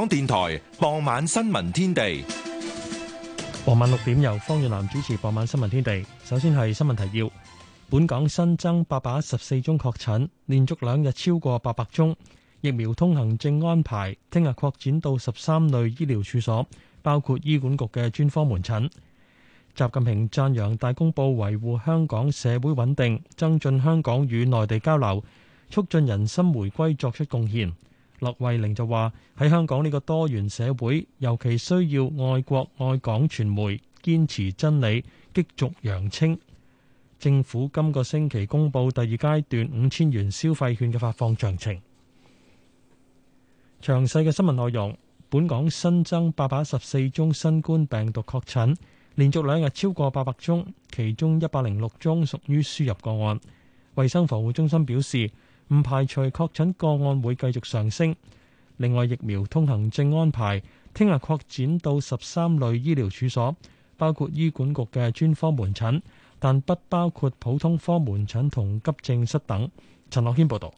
港電台傍晚新聞天地，傍晚六點由方月蘭主持。傍晚新聞天地，首先係新聞提要。本港新增八百一十四宗確診，連續兩日超過八百宗。疫苗通行證安排聽日擴展到十三類醫療處所，包括醫管局嘅專科門診。習近平讚揚大公報維護香港社會穩定、增進香港與內地交流、促進人心回歸作出貢獻。駱慧玲就話：喺香港呢個多元社會，尤其需要愛國愛港傳媒堅持真理、激濁揚清。政府今個星期公布第二階段五千元消費券嘅發放詳情。詳細嘅新聞內容，本港新增八百一十四宗新冠病毒確診，連續兩日超過八百宗，其中一百零六宗屬於輸入個案。衛生防護中心表示，唔排除確診個案會繼續上升。另外，疫苗通行證安排聽日擴展到十三類醫療處所，包括醫管局嘅專科門診，但不包括普通科門診同急症室等。陳樂軒報導，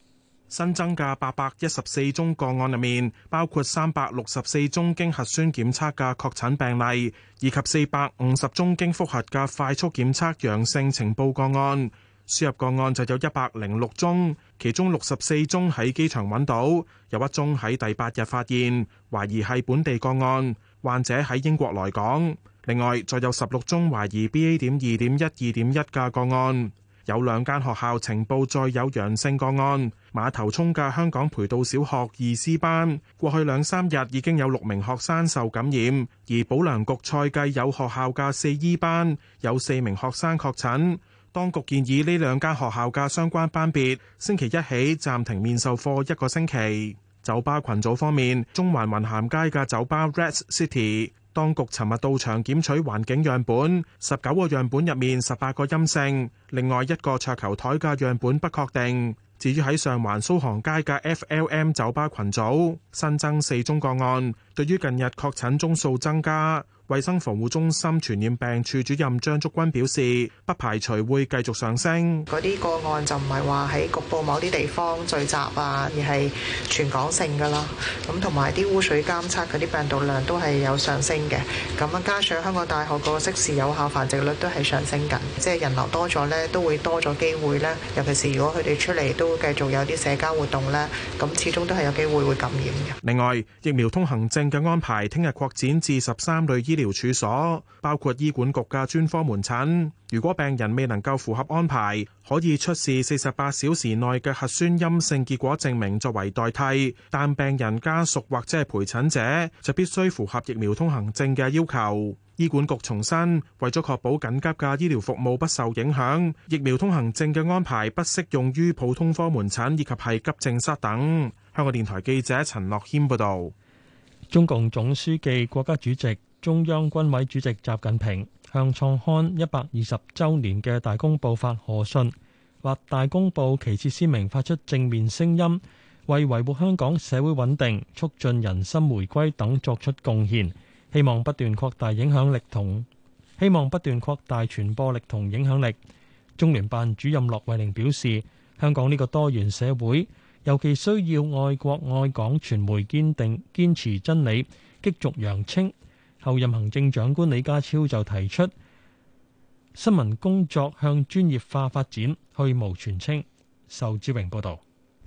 新增嘅八百一十四宗個案入面，包括三百六十四宗經核酸檢測嘅確診病例，以及四百五十宗經覆核嘅快速檢測陽性呈報個案。輸入個案就有一百零六宗，其中六十四宗喺機場揾到，有一宗喺第八日發現，懷疑係本地個案，患者喺英國來港。另外再有十六宗懷疑 BA. 點二點一二點一嘅個案，有兩間學校情報再有陽性個案，馬頭涌嘅香港培道小學二 C 班過去兩三日已經有六名學生受感染，而保良局賽計有學校嘅四 E 班有四名學生確診。當局建議呢兩間學校嘅相關班別星期一起暫停面授課一個星期。酒吧群組方面，中環雲咸街嘅酒吧 Red City，當局尋日到場檢取環境樣本，十九個樣本入面十八個陰性，另外一個桌球台嘅樣本不確定。至於喺上環蘇杭街嘅 FLM 酒吧群組，新增四宗個案，對於近日確診宗數增加。衛生防護中心傳染病處主任張竹君表示，不排除會繼續上升。嗰啲個案就唔係話喺局部某啲地方聚集啊，而係全港性噶啦。咁同埋啲污水監測嗰啲病毒量都係有上升嘅。咁啊，加上香港大學個即時有效繁殖率都係上升緊，即係人流多咗咧，都會多咗機會咧。尤其是如果佢哋出嚟都會繼續有啲社交活動咧，咁始終都係有機會會感染嘅。另外，疫苗通行證嘅安排聽日擴展至十三類醫療。療處所包括醫管局嘅專科門診。如果病人未能夠符合安排，可以出示四十八小時內嘅核酸陰性結果證明作為代替。但病人家屬或者係陪診者就必須符合疫苗通行證嘅要求。醫管局重申，為咗確保緊急嘅醫療服務不受影響，疫苗通行證嘅安排不適用於普通科門診以及係急症室等。香港電台記者陳樂謙報道。中共總書記、國家主席、中央軍委主席習近平向創刊一百二十周年嘅《大公報》發賀信，或《大公報》旗幟鮮明發出正面聲音，為維護香港社會穩定、促進人心回歸等作出貢獻。希望不斷擴大影響力同希望不斷擴大傳播力同影響力。中聯辦主任駱惠寧表示，香港呢個多元社會尤其需要愛國愛港傳媒堅定堅持真理，激濁揚清。候任行政長官李家超就提出，新聞工作向專業化發展，去蕪存菁。仇志榮報導。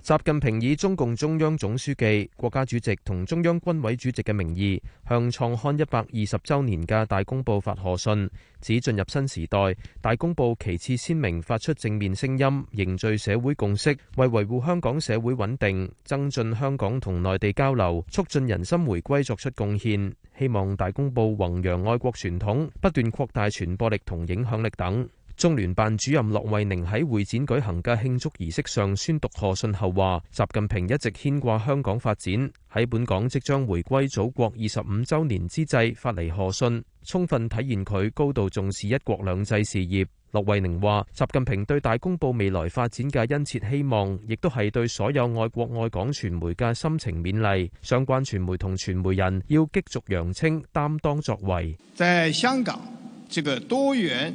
習近平以中共中央總書記、國家主席同中央軍委主席嘅名義，向創刊一百二十週年嘅《大公報》發賀信，指進入新時代，《大公報》其次鮮明發出正面聲音，凝聚社會共識，為維護香港社會穩定、增進香港同內地交流、促進人心回歸作出貢獻。希望《大公報》弘揚愛國傳統，不斷擴大傳播力同影響力等。中聯辦主任駱惠寧喺會展舉行嘅慶祝儀式上宣讀賀信後話：習近平一直牽掛香港發展，喺本港即將回歸祖國二十五周年之際發嚟賀信，充分體現佢高度重視一國兩制事業。駱惠寧話：習近平對大公報未來發展嘅殷切希望，亦都係對所有愛國愛港傳媒嘅深情勉勵。相關傳媒同傳媒人要激濁揚清擔當作為。在香港，這個多元。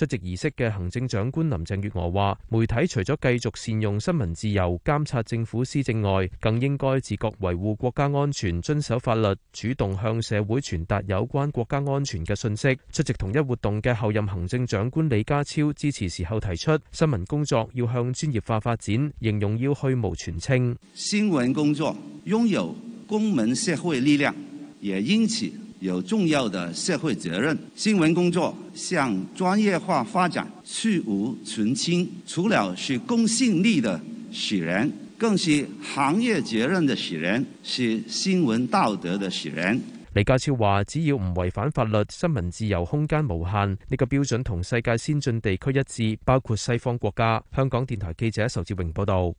出席儀式嘅行政長官林鄭月娥話，媒體除咗繼續善用新聞自由監察政府施政外，更應該自覺維護國家安全，遵守法律，主動向社會傳達有關國家安全嘅信息。出席同一活動嘅候任行政長官李家超支持時候提出：新聞工作要向專業化發展，形容要去蕪存菁。新聞工作擁有公民社會力量，也因此。有重要的社會責任。新聞工作向專業化發展，去蕪存菁。除了是公信力的使然，更是行業責任的使然，是新聞道德的使然。李家超話，只要唔違反法律，新聞自由空間無限。呢、這個標準同世界先進地區一致，包括西方國家。香港電台記者仇志榮報道。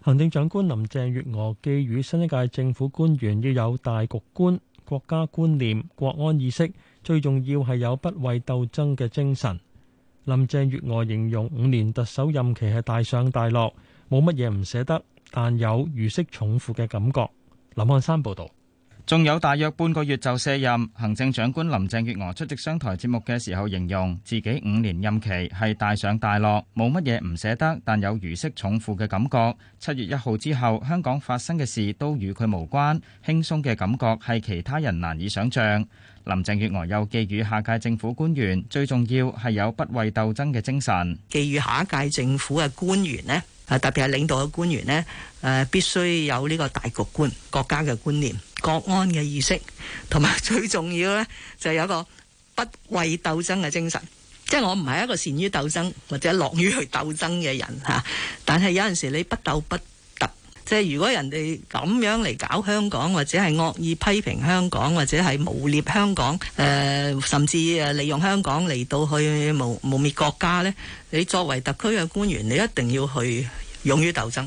行政長官林鄭月娥寄語新一屆政府官員要有大局觀，國家觀念、國安意識，最重要係有不畏鬥爭嘅精神。林鄭月娥形容五年特首任期係大上大落，冇乜嘢唔捨得，但有如釋重負嘅感覺。林漢山報導。仲有大約半個月就卸任，行政長官林鄭月娥出席商台節目嘅時候，形容自己五年任期係大上大落，冇乜嘢唔捨得，但有如釋重負嘅感覺。七月一號之後，香港發生嘅事都與佢無關，輕鬆嘅感覺係其他人難以想像。林鄭月娥又寄語下屆政府官員，最重要係有不畏鬥爭嘅精神。寄語下一屆政府嘅官員呢，啊特別係領導嘅官員呢，誒必須有呢個大局觀、國家嘅觀念。國安嘅意識，同埋最重要呢，就有一個不畏鬥爭嘅精神。即係我唔係一個善於鬥爭或者樂於去鬥爭嘅人吓、啊。但係有陣時你不鬥不得，即係如果人哋咁樣嚟，搞香港，或者係惡意批評香港，或者係誣衊香港，誒、呃，甚至利用香港嚟到去誣誣衊國家呢，你作為特區嘅官員，你一定要去勇於鬥爭。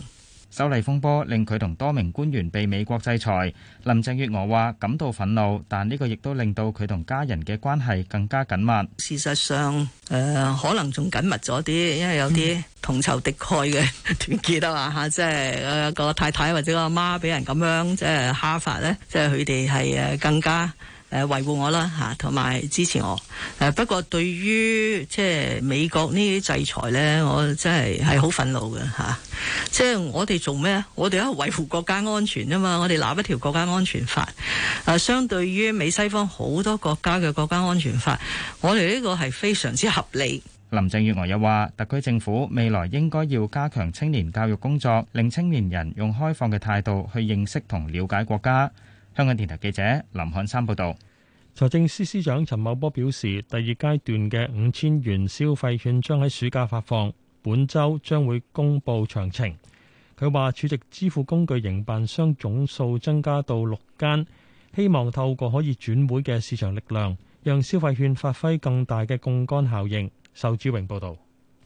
收例風波令佢同多名官員被美國制裁，林鄭月娥話感到憤怒，但呢個亦都令到佢同家人嘅關係更加緊密。事實上，誒、呃、可能仲緊密咗啲，因為有啲同仇敵愾嘅團得啊嚇，即、就、係、是呃、個太太或者個媽俾人咁樣即係蝦法呢？即係佢哋係誒更加。誒維護我啦嚇，同埋支持我。誒、啊、不過對於即係、就是、美國呢啲制裁呢，我真係係好憤怒嘅嚇。即、啊、係、就是、我哋做咩？我哋喺維護國家安全啊嘛！我哋立一條國家安全法。誒、啊、相對於美西方好多國家嘅國家安全法，我哋呢個係非常之合理。林鄭月娥又話：特區政府未來應該要加強青年教育工作，令青年人用開放嘅態度去認識同了解國家。香港電台記者林漢山報道，財政司司長陳茂波表示，第二階段嘅五千元消費券將喺暑假發放，本周將會公布詳情。佢話，儲值支付工具營辦商總數增加到六間，希望透過可以轉會嘅市場力量，讓消費券發揮更大嘅槓桿效應。仇志榮報道。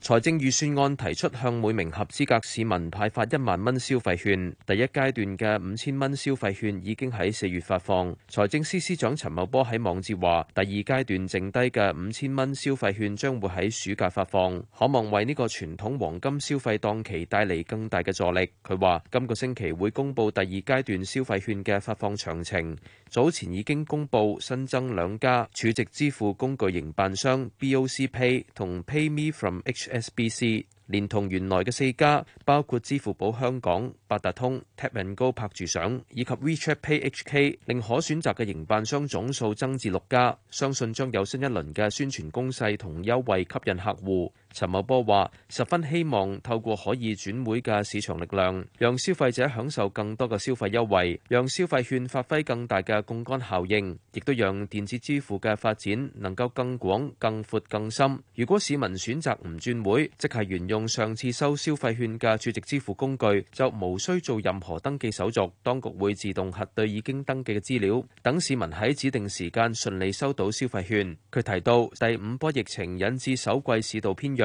財政預算案提出向每名合資格市民派發一萬蚊消費券，第一階段嘅五千蚊消費券已經喺四月發放。財政司司長陳茂波喺網誌話，第二階段剩低嘅五千蚊消費券將會喺暑假發放，可望為呢個傳統黃金消費檔期帶嚟更大嘅助力。佢話，今個星期會公布第二階段消費券嘅發放詳情。早前已經公布新增兩家儲值支付工具營辦商 BOC Pay 同 PayMeFromHSBC，連同原來嘅四家，包括支付寶香港、八達通、Tap and Go 拍住上以及 WeChatPayHK，令可選擇嘅營辦商總數增至六家。相信將有新一輪嘅宣傳攻勢同優惠吸引客戶。陳茂波話：十分希望透過可以轉會嘅市場力量，讓消費者享受更多嘅消費優惠，讓消費券發揮更大嘅槓桿效應，亦都讓電子支付嘅發展能夠更廣、更闊、更深。如果市民選擇唔轉會，即係沿用上次收消費券嘅儲值支付工具，就無需做任何登記手續，當局會自動核對已經登記嘅資料，等市民喺指定時間順利收到消費券。佢提到第五波疫情引致首季市道偏弱。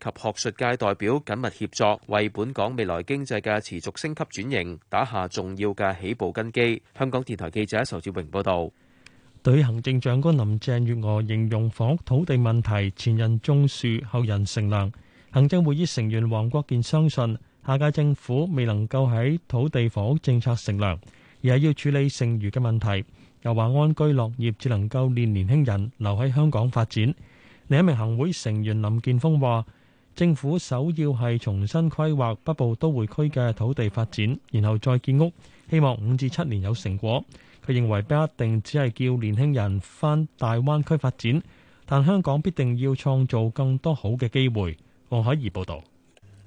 及學術界代表緊密協作，為本港未來經濟嘅持續升級轉型打下重要嘅起步根基。香港電台記者仇志榮報道。對行政長官林鄭月娥形容房屋土地問題前人種樹後人乘涼，行政會議成員黃國健相信下屆政府未能夠喺土地房屋政策乘涼，而係要處理剩餘嘅問題。又話安居樂業只能夠令年輕人留喺香港發展。另一名行會成員林建峰話。政府首要係重新規劃北部都會區嘅土地發展，然後再建屋，希望五至七年有成果。佢認為不一定只係叫年輕人返大灣區發展，但香港必定要創造更多好嘅機會。王海怡報道。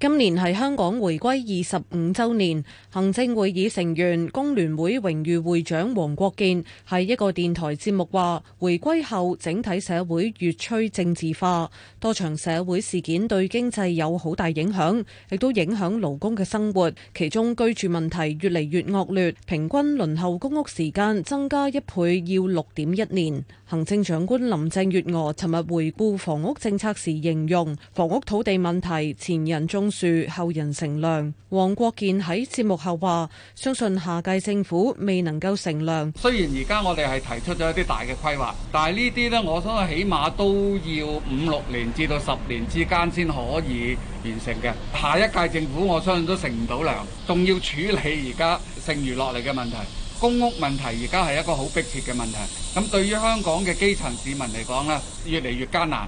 今年係香港回歸二十五週年，行政會議成員工聯會榮譽會長黃國健喺一個電台節目話，回歸後整體社會越趨政治化，多場社會事件對經濟有好大影響，亦都影響勞工嘅生活，其中居住問題越嚟越惡劣，平均輪候公屋時間增加一倍要六點一年。行政長官林鄭月娥尋日回顧房屋政策時形容，房屋土地問題前人種。樹後人乘涼。黃國健喺節目後話，相信下屆政府未能夠乘涼。雖然而家我哋係提出咗一啲大嘅規劃，但係呢啲呢，我想起碼都要五六年至到十年之間先可以完成嘅。下一屆政府我相信都乘唔到涼，仲要處理而家剩餘落嚟嘅問題，公屋問題而家係一個好迫切嘅問題。咁對於香港嘅基層市民嚟講呢，越嚟越艱難。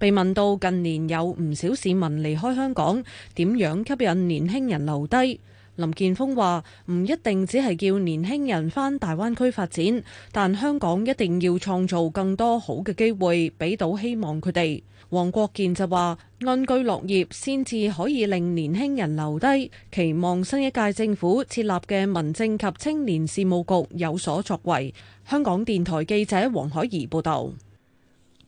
被問到近年有唔少市民離開香港，點樣吸引年輕人留低？林健鋒話：唔一定只係叫年輕人返大灣區發展，但香港一定要創造更多好嘅機會，俾到希望佢哋。黃國健就話：安居樂業先至可以令年輕人留低，期望新一屆政府設立嘅民政及青年事務局有所作為。香港電台記者黃海怡報導。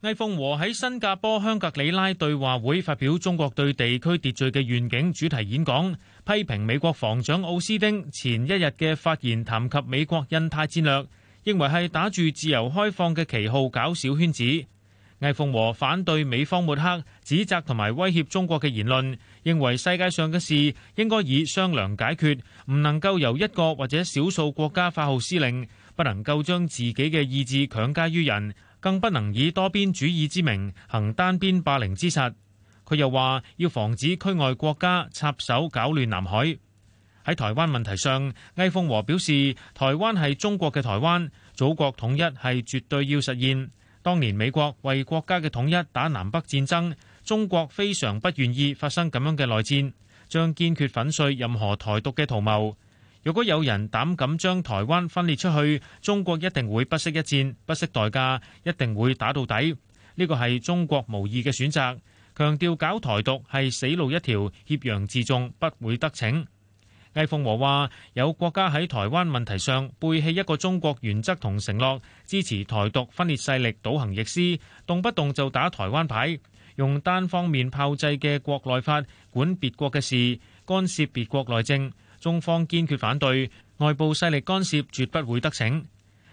魏鳳和喺新加坡香格里拉對話會發表中國對地區秩序嘅願景主題演講，批評美國防長奧斯汀前一日嘅發言談及美國印太戰略，認為係打著自由開放嘅旗號搞小圈子。魏鳳和反對美方抹黑、指責同埋威脅中國嘅言論，認為世界上嘅事應該以商量解決，唔能夠由一個或者少數國家發號施令，不能夠將自己嘅意志強加於人。更不能以多邊主義之名行單邊霸凌之實。佢又話要防止區外國家插手搞亂南海。喺台灣問題上，魏鳳和表示：台灣係中國嘅台灣，祖國統一係絕對要實現。當年美國為國家嘅統一打南北戰爭，中國非常不願意發生咁樣嘅內戰，將堅決粉碎任何台獨嘅圖謀。如果有人膽敢將台灣分裂出去，中國一定會不惜一戰，不惜代價，一定會打到底。呢個係中國無二嘅選擇。強調搞台獨係死路一條，挾洋自重不會得逞。魏鳳和話：有國家喺台灣問題上背棄一個中國原則同承諾，支持台獨分裂勢力，倒行逆施，動不動就打台灣牌，用單方面炮製嘅國內法管別國嘅事，干涉別國內政。中方堅決反對外部勢力干涉，絕不會得逞。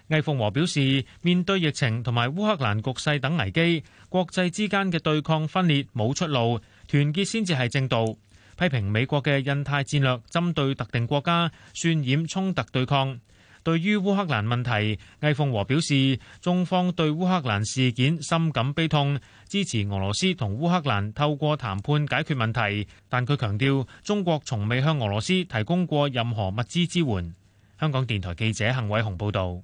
魏鳳和表示，面對疫情同埋烏克蘭局勢等危機，國際之間嘅對抗分裂冇出路，團結先至係正道。批評美國嘅印太戰略針對特定國家，渲染衝突對抗。對於烏克蘭問題，魏鳳和表示，中方對烏克蘭事件深感悲痛，支持俄羅斯同烏克蘭透過談判解決問題。但佢強調，中國從未向俄羅斯提供過任何物資支援。香港電台記者幸偉雄報導。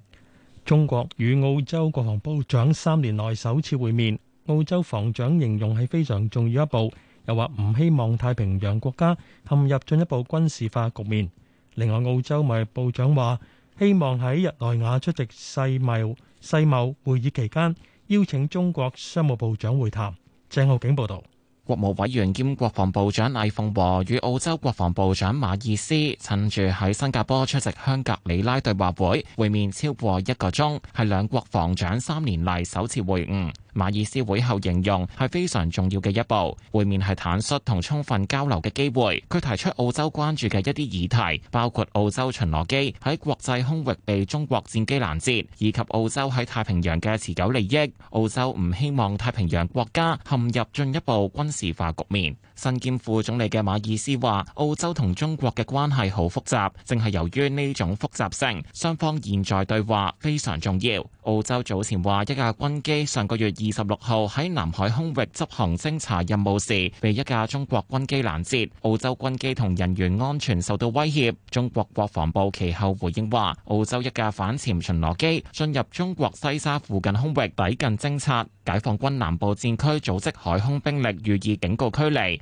中國與澳洲國防部長三年內首次會面，澳洲防長形容係非常重要一步，又話唔希望太平洋國家陷入進一步軍事化局面。另外，澳洲外務部長話，希望喺日內瓦出席世貿世貿會議期間，邀請中國商務部長會談。鄭浩景報道。國務委員兼國防部長魏鳳和與澳洲國防部長馬爾斯，趁住喺新加坡出席香格里拉對話會，會面超過一個鐘，係兩國防長三年嚟首次會晤。馬爾斯會後形容係非常重要嘅一步，會面係坦率同充分交流嘅機會。佢提出澳洲關注嘅一啲議題，包括澳洲巡邏機喺國際空域被中國戰機攔截，以及澳洲喺太平洋嘅持久利益。澳洲唔希望太平洋國家陷入進一步軍事化局面。身兼副總理嘅馬爾斯話：澳洲同中國嘅關係好複雜，正係由於呢種複雜性，雙方現在對話非常重要。澳洲早前話一架軍機上個月二十六號喺南海空域執行偵察任務時，被一架中國軍機攔截，澳洲軍機同人員安全受到威脅。中國國防部其後回應話，澳洲一架反潛巡邏機進入中國西沙附近空域抵近偵察，解放軍南部戰區組織海空兵力予以警告驅離。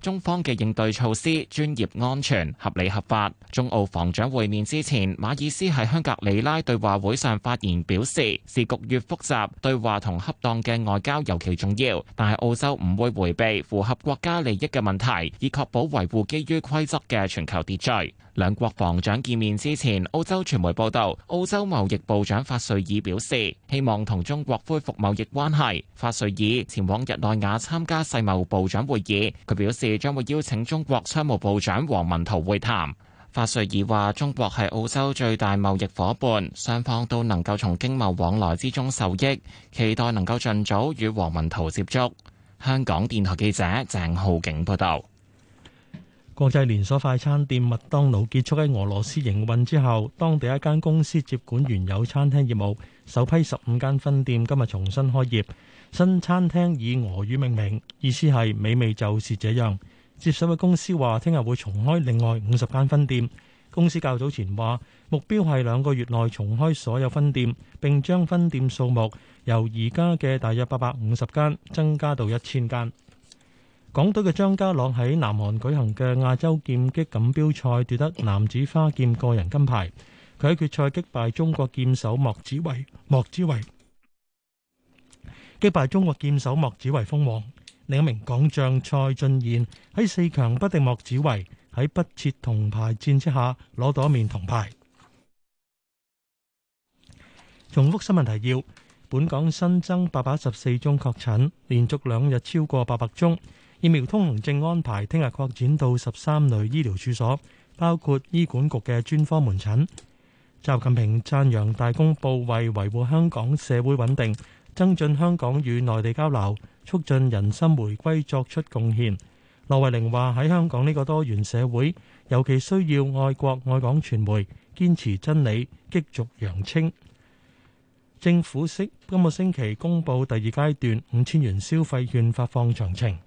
中方嘅應對措施專業、安全、合理、合法。中澳防長會面之前，馬爾斯喺香格里拉對話會上發言表示：時局越複雜，對話同恰當嘅外交尤其重要。但係澳洲唔會回避符合國家利益嘅問題，以確保維護基於規則嘅全球秩序。兩國防長見面之前，澳洲傳媒報道，澳洲貿易部長法瑞爾表示希望同中國恢復貿易關係。法瑞爾前往日內瓦參加世貿部部長會議，佢表示，將會邀請中國商務部長王文濤會談。法瑞爾話：中國係澳洲最大貿易夥伴，雙方都能夠從經貿往來之中受益，期待能夠盡早與王文濤接觸。香港電台記者鄭浩景報道。國際連鎖快餐店麥當勞結束喺俄羅斯營運之後，當地一間公司接管原有餐廳業務，首批十五間分店今日重新開業。新餐廳以俄語命名，意思係美味就是這樣。接手嘅公司話，聽日會重開另外五十間分店。公司較早前話，目標係兩個月內重開所有分店，並將分店數目由而家嘅大約八百五十間增加到一千間。港隊嘅張家朗喺南韓舉行嘅亞洲劍擊錦標賽奪得男子花劍個人金牌，佢喺決賽擊敗中國劍手莫子維。莫子維。擊敗中國劍手莫子維封王，另一名港將蔡俊彥喺四強不敵莫子維，喺不設銅牌戰制之下攞到一面銅牌。重複新聞提要：本港新增八百一十四宗確診，連續兩日超過八百宗。疫苗通行證安排聽日擴展到十三類醫療處所，包括醫管局嘅專科門診。習近平讚揚大公報為維護香港社會穩定。增進香港與內地交流，促進人心回歸，作出貢獻。羅慧玲話喺香港呢個多元社會，尤其需要愛國愛港傳媒堅持真理，激濁揚清。政府星今個星期公布第二階段五千元消費券發放詳情。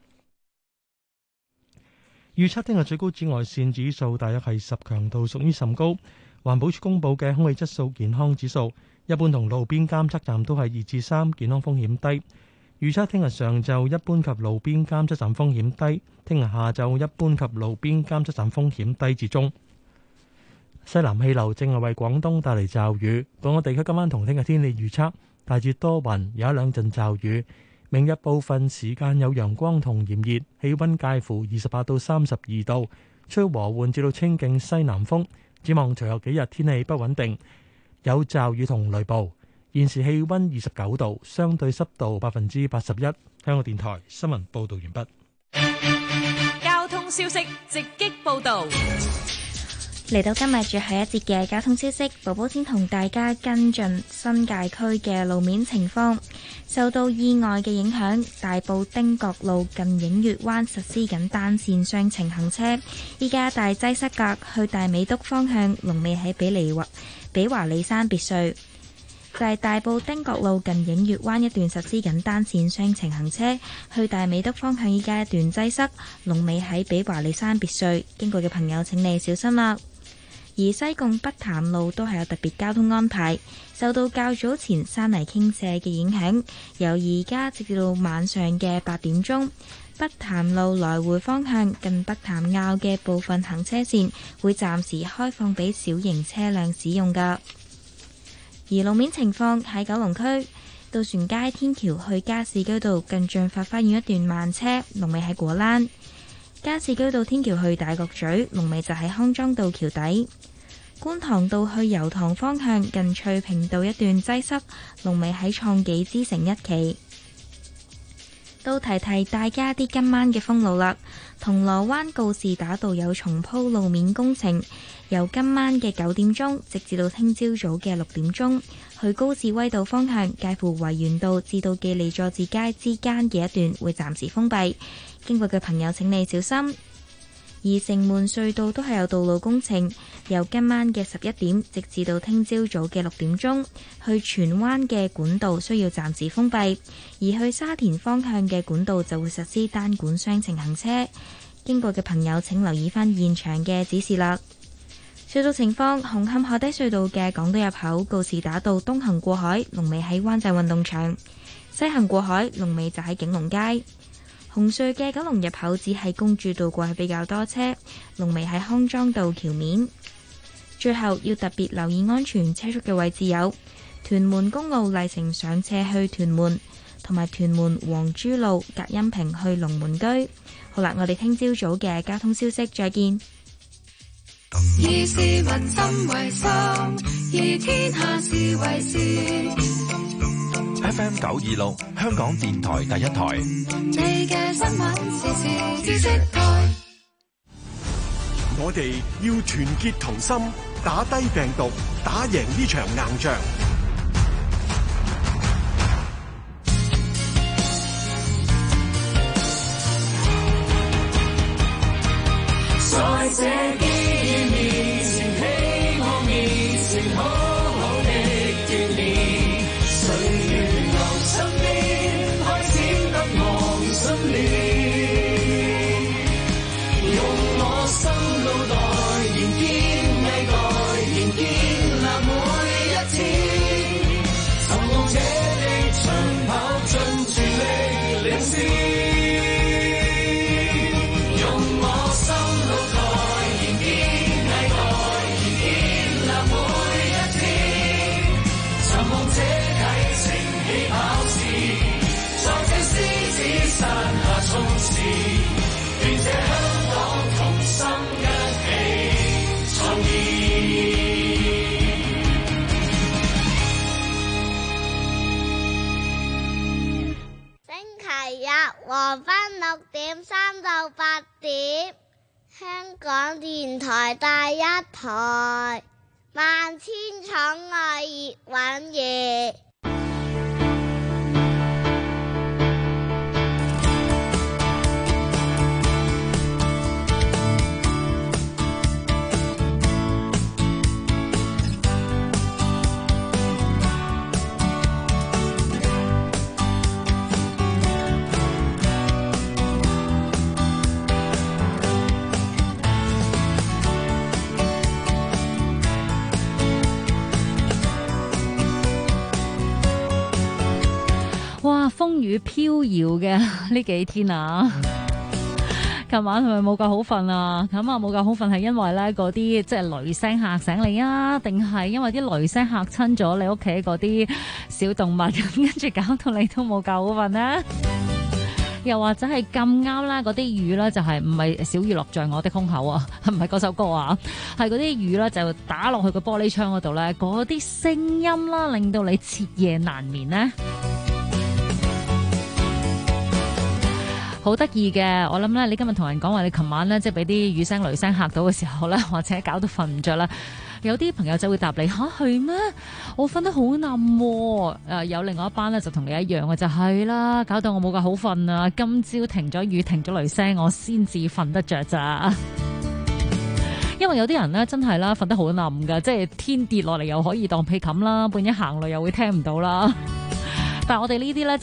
預測聽日最高紫外線指數大約係十強度，屬於甚高。環保署公布嘅空氣質素健康指數。一般同路邊監測站都係二至三，健康風險低。預測聽日上晝一般及路邊監測站風險低，聽日下晝一般及路邊監測站風險低至中。西南氣流正係為廣東帶嚟驟雨。本港地區今晚同聽日天氣預測大致多雲，有一兩陣驟雨。明日部分時間有陽光同炎熱，氣溫介乎二十八到三十二度，吹和緩至到清勁西南風。展望隨後幾日天氣不穩定。有驟雨同雷暴。現時氣溫二十九度，相對濕度百分之八十一。香港電台新聞報道完畢。交通消息直擊報道，嚟到今日最後一節嘅交通消息。寶寶先同大家跟進新界區嘅路面情況。受到意外嘅影響，大埔汀角路近映月灣實施緊單線雙程行車。依家大擠塞，格去大美督方向，龍尾喺比利劃。比華利山別墅就係大埔汀角路近影月灣一段實施緊單線雙程行車，去大美督方向依家一段擠塞，龍尾喺比華利山別墅。經過嘅朋友，請你小心啦。而西貢北潭路都係有特別交通安排，受到較早前山泥傾瀉嘅影響，由而家直至到晚上嘅八點鐘。北潭路來回方向近北潭坳嘅部分行車線會暫時開放俾小型車輛使用㗎。而路面情況喺九龍區，渡船街天橋去加士居道近駿發花園一段慢車，龍尾喺果欄；加士居道天橋去大角咀龍尾就喺康莊道橋底；觀塘道去油塘方向近翠屏道一段擠塞，龍尾喺創紀之城一期。都提提大家啲今晚嘅封路啦。銅鑼灣告士打道有重鋪路面工程，由今晚嘅九點鐘直至到聽朝早嘅六點鐘，去高志威道方向介乎維園道至到記利佐治街之間嘅一段會暫時封閉，經過嘅朋友請你小心。而城門隧道都係有道路工程。由今晚嘅十一點直至到聽朝早嘅六點鐘，去荃灣嘅管道需要暫時封閉，而去沙田方向嘅管道就會實施單管雙程行車。經過嘅朋友請留意返現場嘅指示啦。隧道情況：紅磡海底隧道嘅港島入口告士打道東行過海，龍尾喺灣仔運動場；西行過海，龍尾就喺景隆街。紅隧嘅九龍入口只喺公主道過去，比較多車，龍尾喺康莊道橋面。最後要特別留意安全車速嘅位置有屯門公路麗城上車去屯門，同埋屯門黃珠路隔音屏去龍門居。好啦，我哋聽朝早嘅交通消息再見。以市民心為心，以天下事為事。F M 九二六，香港電台第一台。你嘅新聞時時知識台。我哋要團結同心。打低病毒，打贏呢場硬仗。點三到八點，香港電台第一台，萬千寵愛葉玩儀。雨飄搖嘅呢幾天啊，琴 晚係咪冇夠好瞓啊？咁啊冇夠好瞓，係因為咧嗰啲即係雷聲吓醒你啊？定係因為啲雷聲嚇親咗你屋企嗰啲小動物，咁跟住搞到你都冇夠好瞓咧？又或者係咁啱啦，嗰啲雨咧就係唔係小雨落在我的胸口啊？唔係嗰首歌啊，係嗰啲雨咧就打落去個玻璃窗嗰度咧，嗰啲聲音啦令到你徹夜難眠呢。好得意嘅，我諗咧，你今日同人講話，你琴晚咧，即係俾啲雨聲、雷聲吓到嘅時候咧，或者搞到瞓唔着啦。有啲朋友就會答你：嚇，係咩？我瞓得好冧，哦。誒、呃，有另外一班咧，就同你一樣嘅就係、是、啦，搞到我冇個好瞓啊。今朝停咗雨，停咗雷聲，我先至瞓得着咋。 因為有啲人咧，真係啦，瞓得好冧噶，即係天跌落嚟又可以當被冚啦，半夜行雷又會聽唔到啦。 但係我哋呢啲咧。